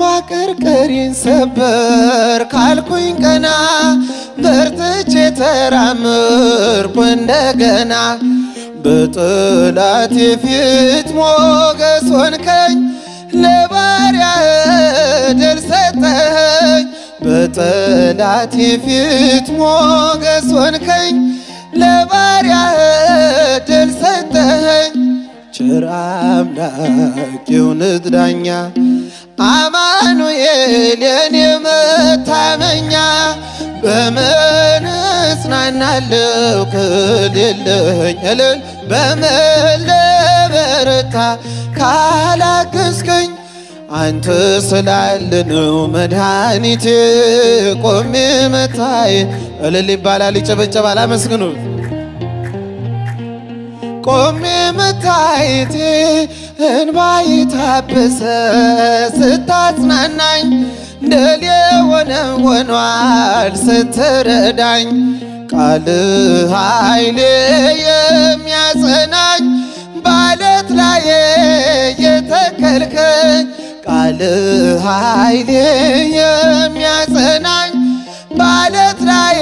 ማቀርቀሬን ሰበር ካልኩኝ ቀና በርትቼ ተራምርኩ እንደገና በጠላቴ የፊት ሞገስ ሆንከኝ ለባሪያ ድል ሰጠኸኝ በጠላቴ ፊት ሞገስ ሆንከኝ ለባሪያ ድል ሰጠኸኝ ቸር አምላክ ይሁንህ ዳኛ የኔ መታመኛ በምን እጽናናለሁ? ከሌለኝ እልል በምን ልበረታ? ካላገዝከኝ አንተ ስላለ መድኃኒቴ። ቆሜ መታይ እልል ይባላል፣ ይጨበጨባል። አመስግኑ ቆሜ መታየቴ እንባ ይታበሰ አጽናናኝ ድል የሆነ ሆኗል ስትረዳኝ ቃልህ ኃይሌ የሚያጸናኝ ባለት ላይ የተከልከኝ ቃልህ ኃይሌ የሚያጸናኝ ባለት ላይ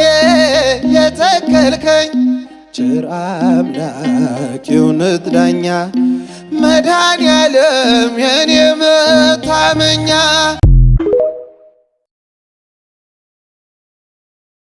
የተከልከኝ ጭር አምላክ ዳኛ መድኃኔ ያለም የኔ መታመኛ